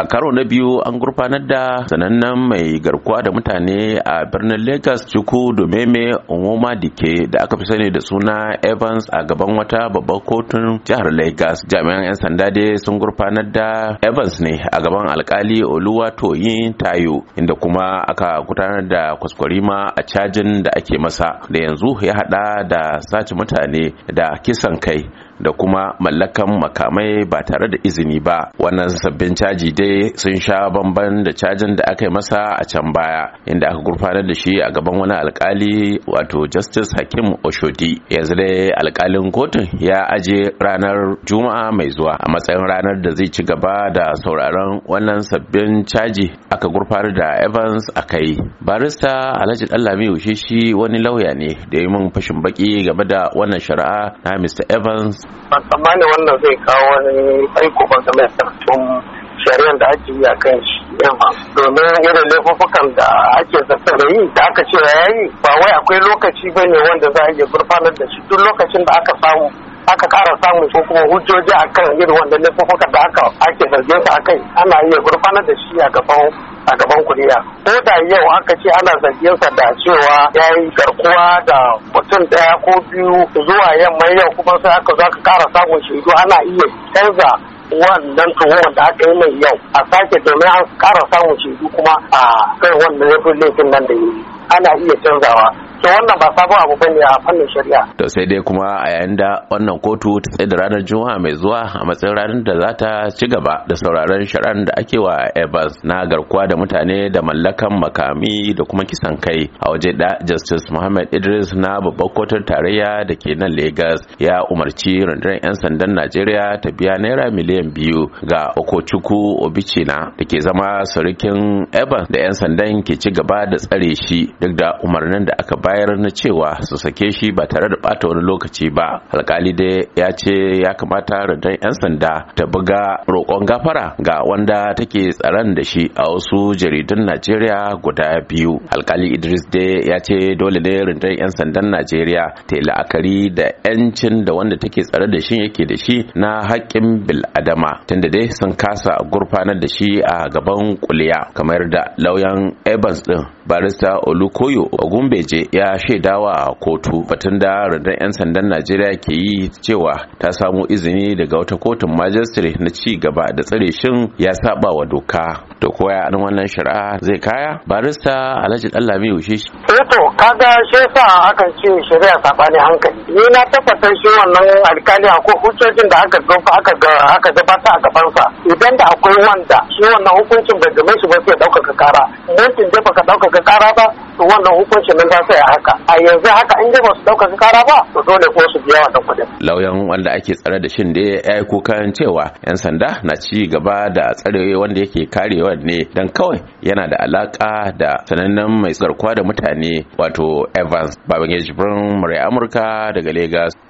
a karo na biyu an gurfanar da sanannen mai garkuwa da mutane a birnin lagos chukwu domeme umoma dike da aka fi sani da suna evans a gaban wata babbar kotun jihar lagos jami'an 'yan sanda dai sun gurfanar da evans ne a gaban alkali oluwa toyin tayo inda kuma aka gudanar da kwaskwarima a cajin da ake masa da yanzu ya hada da sace mutane da kisan kai da kuma mallakan makamai ba tare da izini ba wannan sabbin caji dai sun sha bamban da cajin da aka yi masa a can baya inda aka gurfanar da shi a gaban wani alkali wato justice hakim oshodi yanzu dai alkalin kotun ya aje ranar juma'a mai zuwa a matsayin ranar da zai ci gaba da sauraron wannan sabbin caji aka gurfanar da evans a kai barista alhaji dallami shi wani lauya ne da yi min fashin baki game da wannan shari'a na mr evans ban tsammani wannan zai kawo wani aiko ban ga da karatun shari'ar da ake yi a kan shi yamma domin irin laifukan da ake zata da yi da aka cewa ya yi ba wai akwai lokaci ba ne wanda za a iya gurfanar da shi duk lokacin da aka samu aka kara samun ko kuma hujjoji a kan irin wannan laifukan da aka ake zarge su a kai ana iya gurfanar da shi a gaban a gaban kuriya ko da yau aka ce ana zargin sa da cewa ya yi garkuwa da mutum daya ko biyu zuwa yamma yau kuma sai aka zo aka ƙara samun shaidu ana iya canza wannan tuhumar da aka yi mai yau a sake domin an ƙara samun shaidu kuma a kai wannan laifin nan da yi ana iya canzawa to wannan ba sabon abu bane a fannin shari'a to sai dai kuma a yayin da wannan kotu ta tsaye da ranar juma'a mai zuwa a matsayin ranar da za ta ci gaba da sauraron shari'ar da ake wa Evans na garkuwa da mutane da mallakan makami da kuma kisan kai a waje da Justice Muhammad Idris na babbar kotun tarayya da ke nan Lagos ya umarci rundunar 'yan sandan Najeriya ta biya naira miliyan biyu ga Okochukwu Obichina da ke zama surukin Evans da 'yan sandan ke ci gaba da tsare shi duk da umarnin da aka ba bayar na cewa su sake shi ba tare da bata wani lokaci ba alkali dai ya ce ya kamata rundun 'yan sanda ta buga roƙon gafara ga wanda take tsaron da shi a wasu jaridun najeriya guda biyu alkali idris dai ya ce dole ne rundun 'yan sandan najeriya ta yi la'akari da 'yancin da wanda take tsare da shi yake da shi na haƙƙin bil'adama tunda dai sun kasa gurfanar da shi a gaban kuliya kamar da lauyan evans din barista olukoyo ogumbeje ya shaidawa kotu batun da rundun 'yan sandan najeriya ke yi cewa ta samu izini daga wata kotun majistare na ci gaba da tsare shin ya saba wa doka to koya an wannan shari'a zai kaya barista alhaji lami yaushe shi eh to kaga shi yasa akan ce shari'a sabani hankali ni na tabbatar shi wannan alkali ko hujjojin da aka gaba aka aka gabata a sa idan da akwai wanda shi wannan hukuncin bai game shi ba sai ka kara mutum da baka dauka ɗaukaka kara ba to wannan hukuncin nan za su yi haka a yanzu haka in dai ba su dauka kara ba to dole ko su biya wannan kuɗin. lauyan wanda ake tsare da shin da ya yi kokarin cewa 'yan sanda na ci gaba da tsare wanda yake karewa ne dan kawai yana da alaka da sanannen mai tsarkwa da mutane wato evans babangeji birnin murai amurka daga lagos